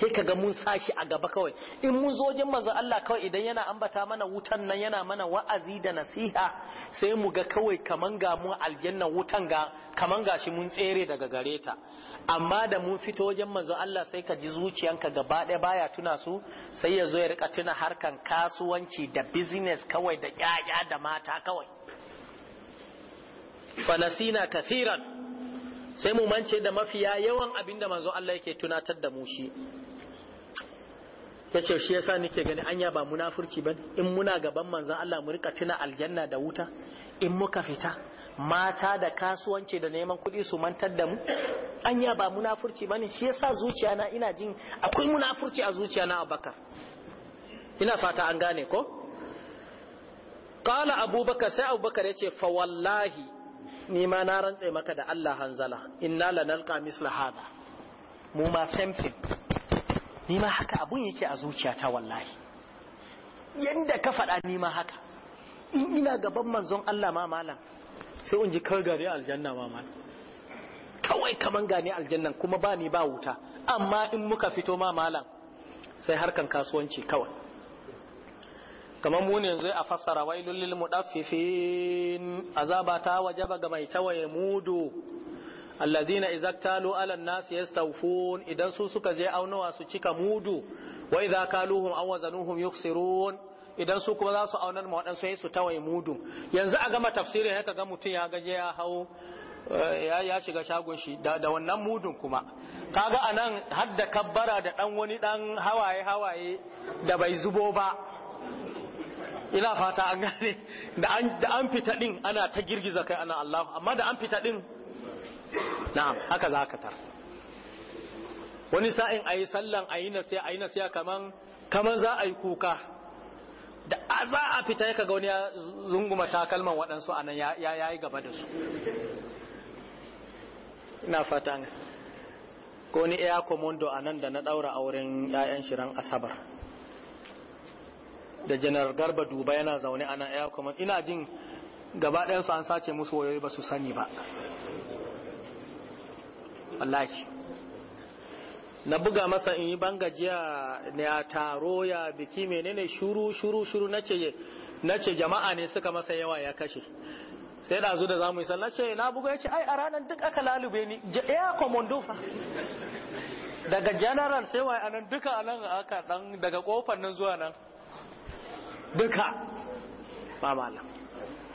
sai ga mun sashi a gaba kawai in mun zo wajen manzo Allah kawai idan yana ambata mana wutan nan yana mana wa'azi da nasiha sai mu ga kawai kaman ga mu aljanna wutan ga kaman gashi mun tsere daga gareta. amma da mun fito wajen manzo Allah sai ka ji zuciyanka gaba ɗaya baya tuna su sai yazo zo ya rika tuna harkan kasuwanci da business kawai da yaya da mata kawai fanasina kathiran sai mu mance da mafiya yawan abinda manzo Allah yake tunatar da mu shi yace shi yasa nake gani anya ba munafurci bane in muna gaban manzon Allah mu rika tuna aljanna da wuta in muka fita mata da kasuwanci da neman kuɗi su mantar da mu anya ba munafurci bane shi yasa zuciya na ina jin akwai munafurci a zuciya na Abubakar ina fata an gane ko Kala abubakar sai abubakar yace fa wallahi ni ma na rantse maka da Allah hanzala inna lanalqa misla hada mu ma ni ma haka abun yake a zuciyata wallahi yanda ka faɗa ni ma haka in ina gaban manzon Allah ma malam sai in ji kar gare aljanna ma malam kawai kaman gane aljannan kuma ba ni ba wuta amma in muka fito ma malam sai harkan kasuwanci kawai kamar mu yanzu a fassara wai lil mudaffifin azaba ta wajaba ga mai tawaye mudu alladhina idza talu ala nas yastawfun idan su suka je aunawa su cika mudu wa idza kaluhum aw wazanuhum yukhsirun idan su kuma za su aunar ma waɗansu sai su tawaye mudu yanzu a gama tafsirin haka ga mutum ya gaje ya hau eh, ya shiga shagon shi da wannan mudun kuma kaga anan hadda kabbara da dan wani dan hawaye hawaye da bai zubo ba ina fata an gane da an fita din ana ta girgiza kai ana Allah amma da an fita din na'am haka za ka tar wani sa'in ayi sallan ayi nasiya ayi nasiya kaman kaman za a yi kuka da za a fita ya kaga wani ya zunguma takalman waɗansu anan ya yi gaba da su ina fata ko ni air commando anan da na daura auren 'ya'yan shirin asabar da janar garba duba yana zaune ana air command ina jin gaba su an sace musu wayoyi ba su sani ba wallahi na buga masa in yi bangajiya a taro ya biki menene shuru shuru shuru na ce jama'a ne suka masa yawa ya kashe sai da zo da za mu yi sallah ce na buga ya ce ai a ranar duk aka lalube ni ya komando fa daga general sai wa anan duka anan aka dan daga kofar nan zuwa nan duka ba malam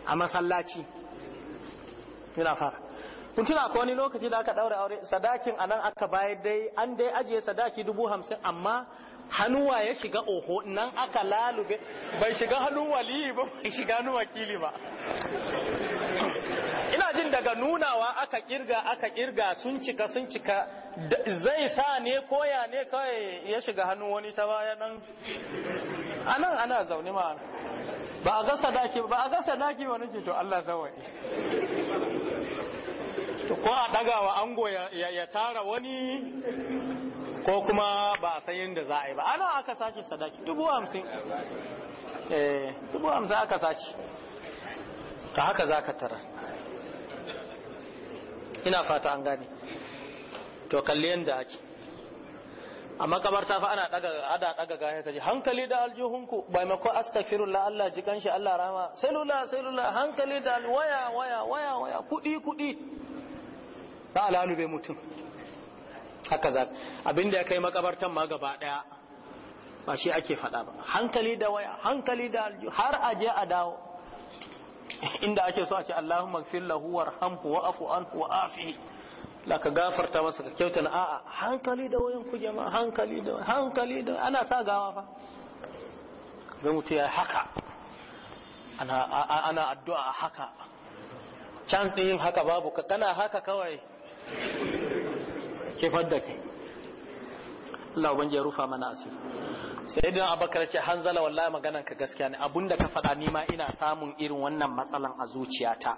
a masallaci yana fara kun tuna wani lokaci da aka daura aure sadakin anan aka bayar dai an dai ajiye sadaki dubu hamsin amma hannuwa ya shiga oho nan aka lalube bai shiga hannun wali ba bai shiga hannun wakili ba ina jin daga nunawa aka kirga aka kirga sun cika sun cika zai sa ne koya ne kawai ya shiga hannun wani ta baya nan anan ana zaune ma ba a gasa daki ba a gasa daki wani ce to Allah zawai to ko a wa ango ya, ya tara wani ko kuma ba a san yadda za a yi ba ana aka sace sadaki dubu hamsin eh dubu hamsin aka sace ka haka za ka tara ina fata an gane to kalli yadda ake a makabarta fa ana daga ada daga gaya ji hankali da aljuhunku bai mako astaghfirullah Allah ji kanshi Allah rama selula selula hankali da waya waya waya waya kudi kudi ba bai mutum haka za abinda ya kai makabartan ma gaba daya ba shi ake faɗa ba hankali da waya hankali da har aje a dawo inda ake so a ce Allahumma gfir lahu warhamhu afu anhu afi la ka gafarta masa ka kyauta na a'a hankali da wayan ku jama'a hankali da hankali da ana sa gawa fa ga mutiya haka ana ana addu'a haka chance din haka babu ka kana haka kawai ke fadda kai Allah ubangiji ya rufa mana asiri sai dan abakar ce hanzala wallahi maganan ka gaskiya ne abunda ka faɗa ni ma ina samun irin wannan matsalan a zuciyata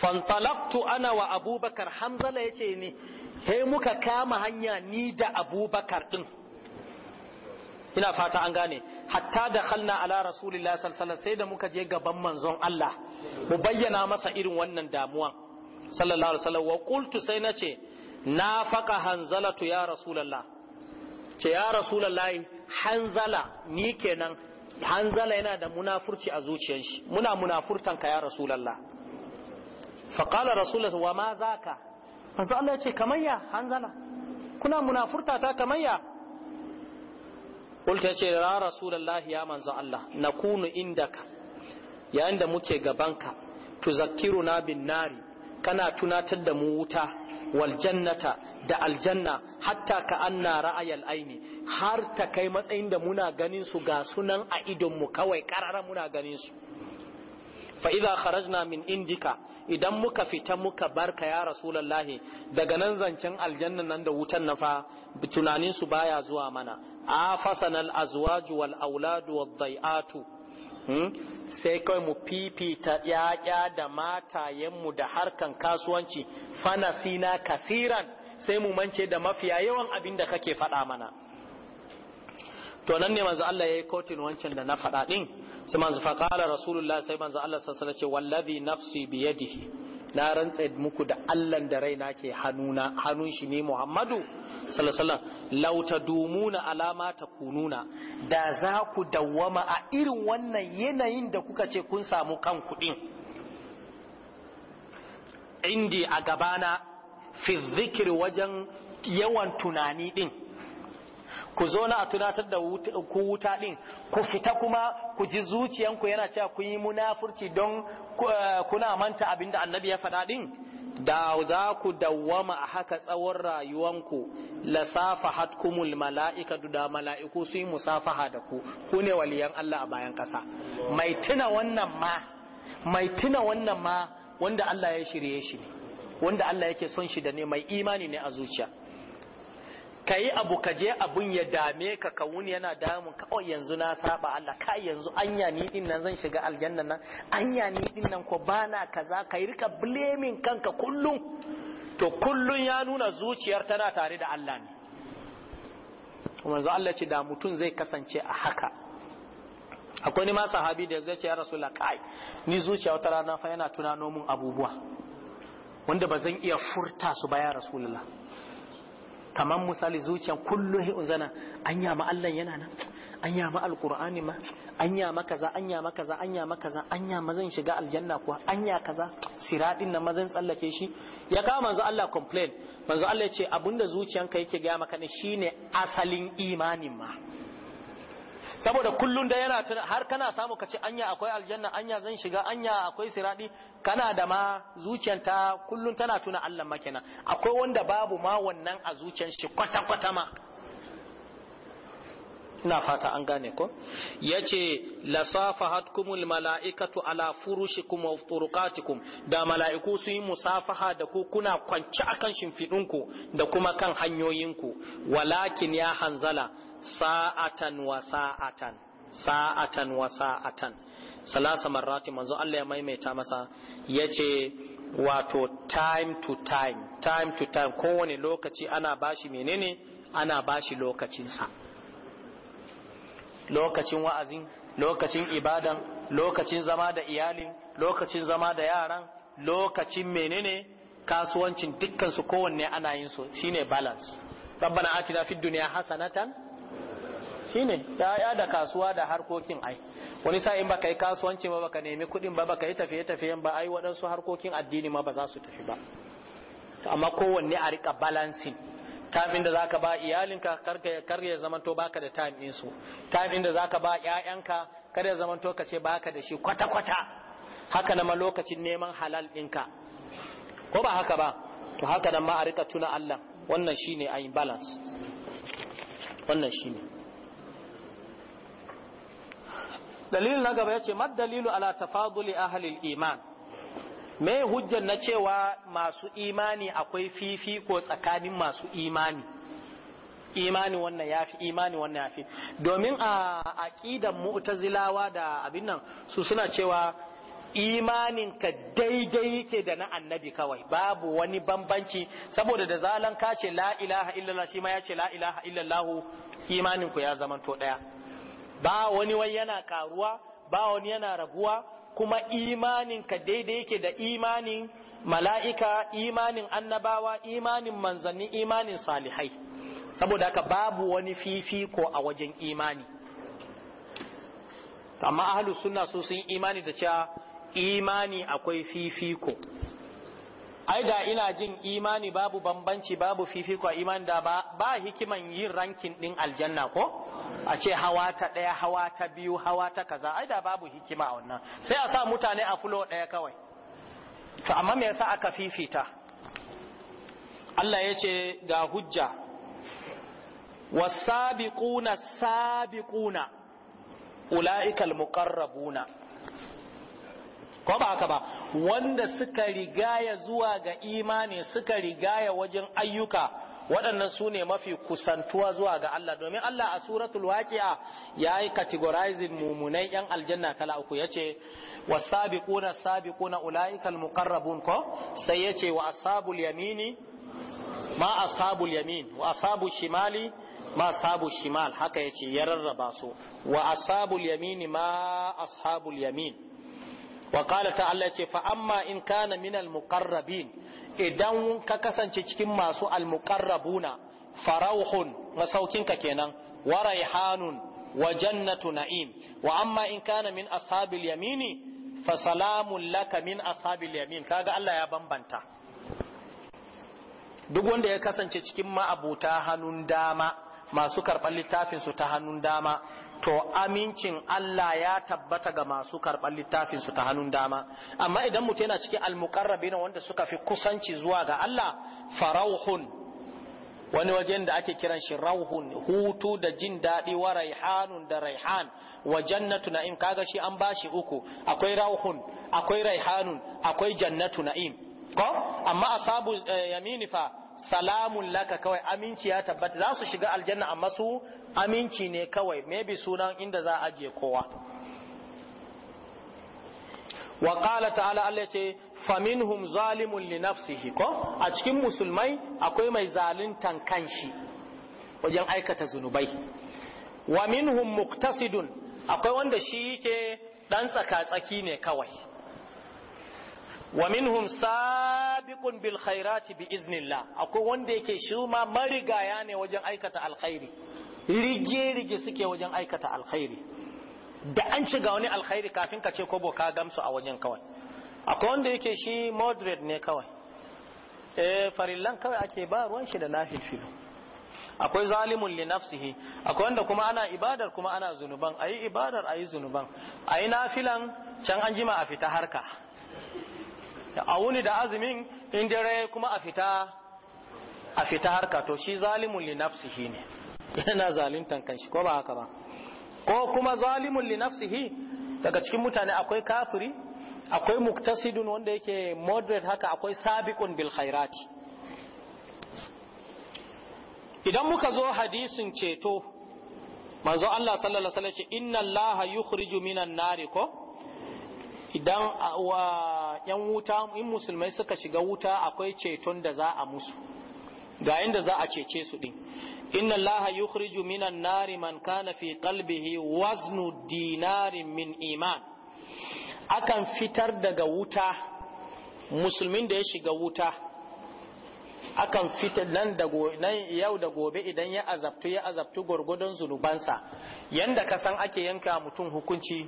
fantalaktu ana wa abubakar hanzala yace ni he muka kama hanya ni da abubakar din ina fata an gane hatta da khalna ala rasulillah sallallahu sai da muka je gaban manzon Allah mu bayyana masa irin wannan damuwa. sallallahu alaihi wasallam wa qultu sai nace na hanzalatu ya rasulullah ce ya layi hanzala ni kenan hanzala yana da munafurci a zuciyar shi muna munafurtan ka ya rasulallah fa qala rasulullah wa ma zaka masu Allah ya ce kamayya hanzala kuna munafurta ta kamayya Kulta ce ya Rasulallah ya manzo Allah na kunu indaka yayin da muke gabanka tuzakkiru na bin nari kana tunatar da mu wuta Waljannata da aljanna hatta ka anna ra'ayal aini har ta kai matsayin da muna ganin su ga sunan a idon mu kawai karara muna ganin su fa idza kharajna min indika idan muka fita muka barka ya rasulullahi daga nan zancen aljanna nan da wutan na fa tunanin su baya zuwa mana afasanal azwaju wal auladu wad dai'atu Hmm? sai kawai mu fifita ‘ya'ya da matayenmu da harkan kasuwanci Fana sina kasiran sai mu mance da mafiya yawan abin da kake faɗa mana to nan ne manzo Allah yayi kotin wancan da na faɗa din sai manzo fa qala rasulullah sai manzo Allah sallallahu alaihi wasallam ce wallazi nafsi biyadihi na rantse muku da allan da raina ke hannuna hannun shi ne muhammadu sallallahu lauta dumuna alama ta kununa da za ku dawwama a irin wannan yanayin da kuka ce kun samu kan kuɗi. indi a gabana fi zikir wajen yawan tunani din. ku zo na a tunatar da ku wuta din ku fita kuma ku ji zuciyanku yana cewa ku yi munafurci don eh, kuna manta abinda annabi ya faɗa din da za ku dawwama a haka tsawon rayuwanku la safahatkumul mala'ika da mala'iku su yi musafaha da ku ku ne waliyan Allah a bayan kasa mai tuna wannan ma mai tuna wannan ma wanda Allah ya shirye shi ne wanda Allah yake son shi da ne mai imani ne a zuciya ka yi abu ka je abun ya dame ka ka wuni yana damun ka oh, yanzu na saba Allah ka yanzu anya ni din nan zan shiga aljanna nan anya ni din nan ko bana kaza ka yi rika blaming kanka kullum to kullum ya nuna zuciyar tana tare da Allah ne kuma zo Allah ce da mutum zai kasance a haka akwai ni ma sahabi da zai ce ya rasulullah kai ni zuciya wata rana fa yana tunano mun abubuwa wanda ba zan iya furta su ba ya rasulullah kamar misali zuciyan kullum hi unzana anya ma Allah yana nan anya ma alqur'ani ma anya kaza anya kaza anya kaza anya ma zan shiga aljanna kuwa anya kaza siradin nan ma tsallake shi ya kama manzo Allah complain manzo Allah ya ce abinda zuciyanka yake ga maka ne shine asalin imanin ma saboda kullun da yana tuna har kana samu ka ce anya akwai aljanna anya zan shiga anya akwai siradi kana da ma zuciyanta kullun tana tuna Allah makina akwai wanda babu ma wannan a zuciyar shi kwata kwata ma ina fata an gane ko yace la safahatkumul malaikatu ala furushikum wa turqatikum da malaiku su yi musafaha da ku kuna kwance akan shimfidinku da kuma kan hanyoyinku walakin ya hanzala sa'atan wa sa'atan sa'atan wa sa'atan salasa marrati manzo Allah ya maimaita masa yace wato time to time time to time kowane lokaci ana bashi menene ana bashi lokacinsa lokacin wa'azin lokacin ibadan lokacin zama da iyali lokacin zama da yaran lokacin menene kasuwancin dukkan su kowanne ana yin su shine balance ربنا آتنا في الدنيا hasanatan shine ya da kasuwa da harkokin ai wani in baka yi kasuwanci ba baka nemi kuɗin ba baka yi tafiye tafiyen ba ai waɗansu harkokin addini ma ba za su tafi ba amma kowanne a rika balancing tafin da zaka ba iyalinka karka karka ya to baka da time din su tafin da zaka ba ƴaƴanka kada ya zamanto ka ce baka da shi kwata kwata haka na ma lokacin neman halal ɗinka ko ba haka ba to haka nan ma a rika tuna Allah wannan shine ayin balance wannan shine dalilin na gaba ya ce, mad dalilu ala tafaduli ahli iman me hujjar na cewa masu imani akwai fifi ko tsakanin masu imani imani wannan yafi imani wannan yafi domin a aqidan mu'tazilawa da abin nan su suna cewa imanin ka daidai yake da na annabi kawai babu wani bambanci saboda da zalan ka ce la ilaha illallah shi ma ya ce la ilaha illallah imanin ku ya zamanto daya ba wani wai yana karuwa ba wani yana raguwa kuma imanin ka daidai yake da imanin mala'ika imanin annabawa imanin manzanni imanin salihai saboda haka babu wani fifiko a wajen imani amma ahlus sunna su sun imani da cewa imani akwai fifiko ai da ina jin imani babu bambanci babu fifiko imani da ba ba hikiman yin rankin din aljanna ko a ce hawa ta daya hawa ta biyu hawa ta kaza ai da babu hikima wannan sai a sa mutane a fulo daya kawai to amma me yasa aka fifita Allah ya ce ga hujja wasabiquna sabiquna ulaikal muqarrabuna ko ba haka ba wanda suka rigaya zuwa ga imani suka rigaya wajen ayyuka waɗannan su ne mafi kusantuwa zuwa ga Allah domin Allah a suratul waqi'a ya yi categorizing mumunai yan aljanna kala uku yace wasabiquna sabiquna ulaikal muqarrabun ko sai ce wa ashabul yamini ma ashabul yamin wa ashabul shimali ma ashabul shimal haka yace ya rarraba su wa ashabul yamini ma ashabul yamin wa qala ta'ala ce fa amma in kana minal almukarrabin idan ka kasance cikin masu almukarrabuna farauhun masaukinka kenan wa raihanun wa jannatu na'im wa amma in kana min ashabil yamini fa salamun laka min ashabil yamin kaga Allah ya bambanta duk wanda ya kasance cikin ma'abuta hannun dama masu karɓar littafinsu ta hannun dama to amincin Allah ya tabbata ga masu karɓar littafin su ta hannun dama amma idan mutum yana cikin na wanda suka fi kusanci zuwa ga Allah farauhun wani wajen da ake kiran shi rauhun hutu da jin daɗi wa raihanun da raihan wa jannatu na'im kaga shi an bashi uku akwai rauhun akwai raihanun akwai jannatu na'im ko amma asabu eh, yamini fa salamun laka kawai aminci ya tabbata za su shiga aljanna amma su aminci ne kawai maybe sunan inda za a ajiye kowa wa qala ta'ala Allah ce faminhum zalimun li nafsihi ko a cikin musulmai akwai mai zaluntan kanshi wajen aikata zunubai wa minhum muqtasidun akwai wanda shi yake dan tsaka tsaki ne kawai wa minhum sabiqun bil khairati bi iznillah akwai wanda yake shi ma marigaya ne wajen aikata alkhairi rige rige suke wajen aikata alkhairi da an ci ga wani alkhairi kafin ka ce kobo ka gamsu a wajen kawai akwai wanda yake shi moderate ne kawai eh farillan kawai ake ba ruwan shi da nafil filo akwai zalimun li nafsihi akwai wanda kuma ana ibadar kuma ana zunuban ayi ibadar ayi zunuban ayi nafilan can an jima a fita harka a wuni da azumin in dare kuma a fita a fita harka to shi zalimun li nafsihi ne yana zaluntan kanshi ko ba haka ba ko kuma zalimun li nafsihi daga cikin mutane akwai kafiri akwai muktasidun wanda yake moderate haka akwai sabiqun bil khairati idan muka zo hadisin ceto manzo Allah sallallahu alaihi wasallam ce inna Allah yukhriju minan nari ko idan wa yan wuta in musulmai suka shiga wuta akwai ceton da za a musu ga inda za a cece su din inna allaha yukhriju minan nari man kana fi qalbihi waznu dinarin min iman akan fitar daga wuta musulmin da ya shiga wuta akan fitar nan da nan yau da gobe idan ya azabtu ya azabtu gurgudun zunubansa yanda kasan ake yanka mutum hukunci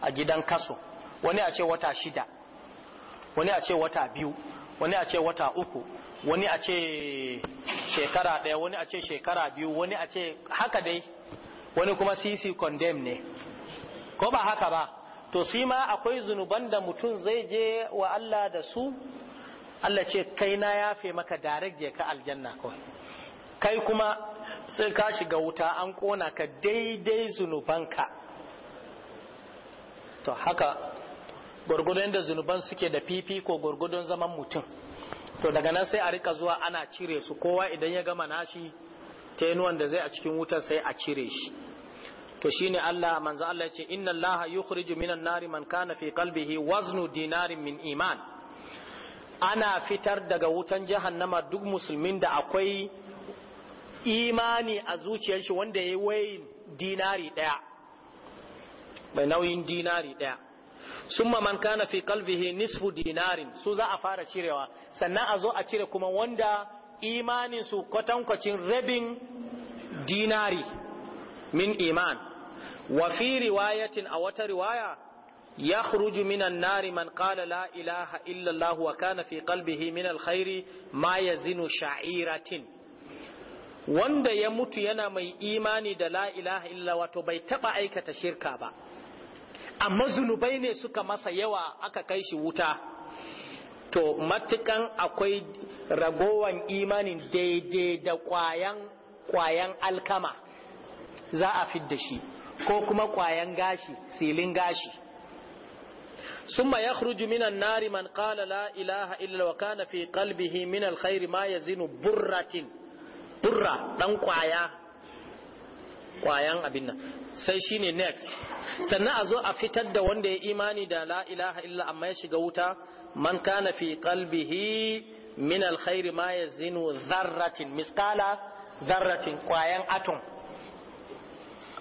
a gidan kaso wani a ce wata shida wani a ce wata biyu wani a ce wata uku wani a ce shekara ɗaya wani a ce shekara biyu wani a ce haka dai wani kuma CC condemn ne ko ba haka ba to shi ma akwai zunuban da mutum zai je wa Allah da su Allah ce kai na yafe maka direct ya ka aljanna kawai kai kuma sai ka shiga wuta an kona ka daidai zunubanka to haka gwargwadon da zunuban suke da fifi ko gwargwadon zaman mutum to daga nan sai a rika zuwa ana cire su kowa idan ya gama nashi ta tenuwan da zai a cikin wutar sai a cire shi to shi ne Allah manzo Allah yace inna Allah yukhriju minan nari man kana fi hi, waznu dinari min iman ana fitar daga wutan nama duk musulmin da akwai imani a zuciyar shi wanda ya yi wayin dinari daya mai nauyin dinari daya summa man kana fi qalbihi nisfu dinarin su za a fara cirewa sannan a zo a cire kuma wanda imanin su kwatankwacin rabin dinari min iman wa fi riwayatin a wata riwaya يخرج من النار من قال لا إله إلا الله وكان في min من الخير ما يزن شعيرة wanda ya mutu yana mai imani da la ilaha illa wato bai taba aikata shirka ba amma zunubai ne suka masa yawa aka kai shi wuta to matukan akwai ragowan imanin daidai da kwayan kwayan alkama za a fidda shi ko kuma kwayan gashi silin gashi summa ya khruju minan nari man qala la ilaha illa wa na fi qalbihi min alkhair ma zinu burratin burra dan kwaya kwayan abin nan sai shine next sannan a zo a fitar da wanda ya imani da la ilaha illa amma ya shiga wuta man kana fi qalbihi min alkhairi ma yazinu dharratin misqala dharratin kwayan atom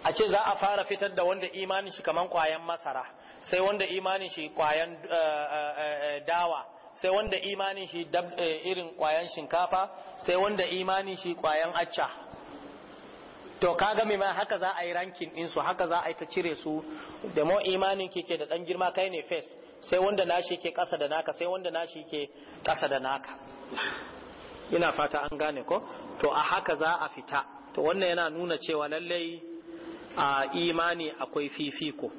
a ce za a fara fitar da wanda imanin shi kaman kwayan masara sai wanda imanin shi kwayan eh, eh, eh, dawa sai wanda imanin shi irin kwayan shinkafa sai wanda imanin shi kwayan acca to kaga mai ma haka za a yi rankin din su haka za a yi ta cire su da mu imanin kike da dan girma kai ne face sai wanda nashi ke kasa da naka sai wanda nashi ke kasa da naka ina fata an gane ko to a haka za a fita to wannan yana nuna cewa lallai a imani akwai fifiko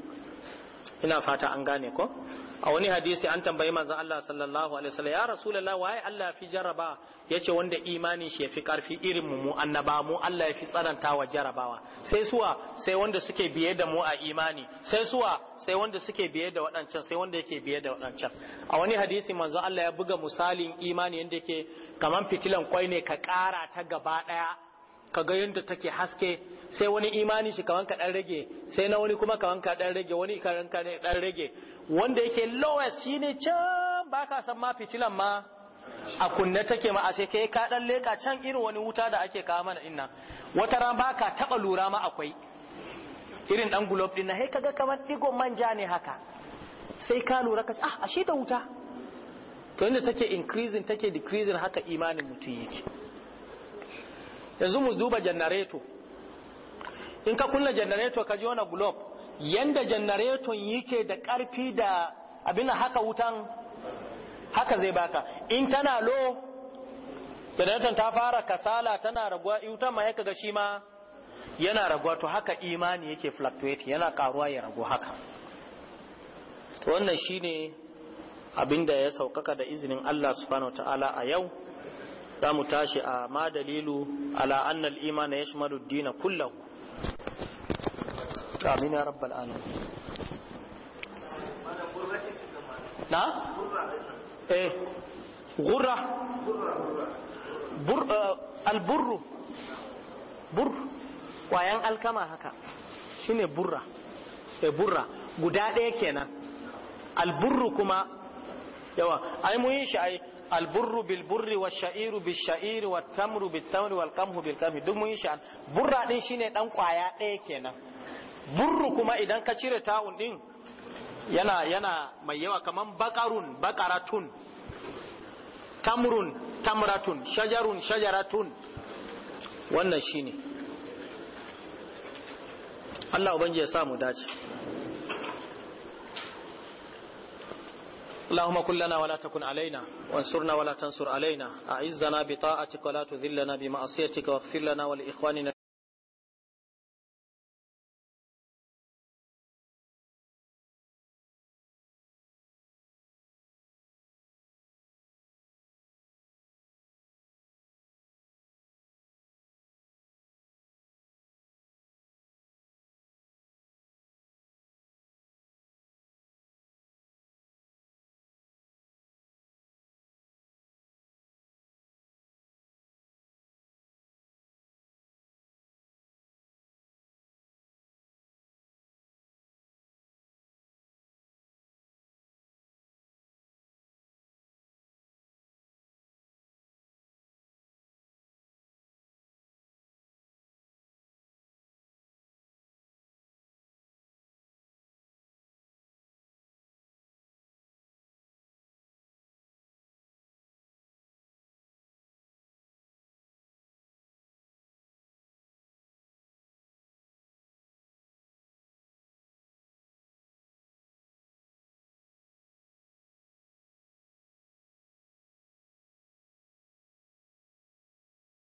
ina fata an gane ko a wani hadisi an tambayi manzon Allah sallallahu alaihi wasallam ya rasulullah waye Allah fi jaraba yace wanda imanin shi yafi karfi irin mu annaba mu Allah yafi tsananta wa jarabawa sai suwa sai wanda suke biye da mu a imani sai suwa sai wanda suke biye da waɗancan sai wanda yake biye da waɗancan a wani hadisi manzon Allah ya buga misalin imani yanda yake kaman fitilan kwai ne ka ƙara ta gaba ɗaya ka ga yadda take haske sai wani imani shi kaman ka ɗan rage sai na wani kuma kaman ka ɗan rage wani kaman ka ɗan rage wanda yake shi ne can baka san ma fitilan ma a kunne take ma a sai kai ka dan leka can irin wani wuta da ake kawo mana inna wata ran ka taba lura ma akwai irin dan gulob din na sai kaga kamar digo manja ne haka sai ka lura ka ah ashe da wuta to inda take increasing take decreasing haka imanin mutum yake yanzu mu duba janareto in ka kunna janareto ka ji wani globe yanda janareton yake da ƙarfi da abin haka wutan haka zai baka in tana lo janareton ta fara kasala tana raguwa wutan ma ya kaga shi ma yana raguwa to haka imani yake fluctuate yana karuwa ya ragu haka wannan shine abin da ya saukaka da izinin Allah subhanahu ta'ala a yau za mu tashi a ma dalilu ala annal imani yashmalu dina kullahu amin ya rabbal alamin na eh gurra eh, alburru bur kwayan alkama haka shine burra eh, burra guda ɗaya kenan alburru kuma yawa ai mu alburru bil wa sha'iru bil sha'iri wa tamru bil tamri wal qamhu bil qamhi duk burra din shine kwaya ɗaya kenan burru kuma idan ka cire ta'un din yana yana mai yawa kaman bakarun bakaratun tamrun tamratun shajarun shajaratun wannan shine Allah ubangi ya sa mu dace اللهم كن لنا ولا تكن علينا وانصرنا ولا تنصر علينا أعزنا بطاعتك ولا تذلنا بمعصيتك واغفر لنا ولإخواننا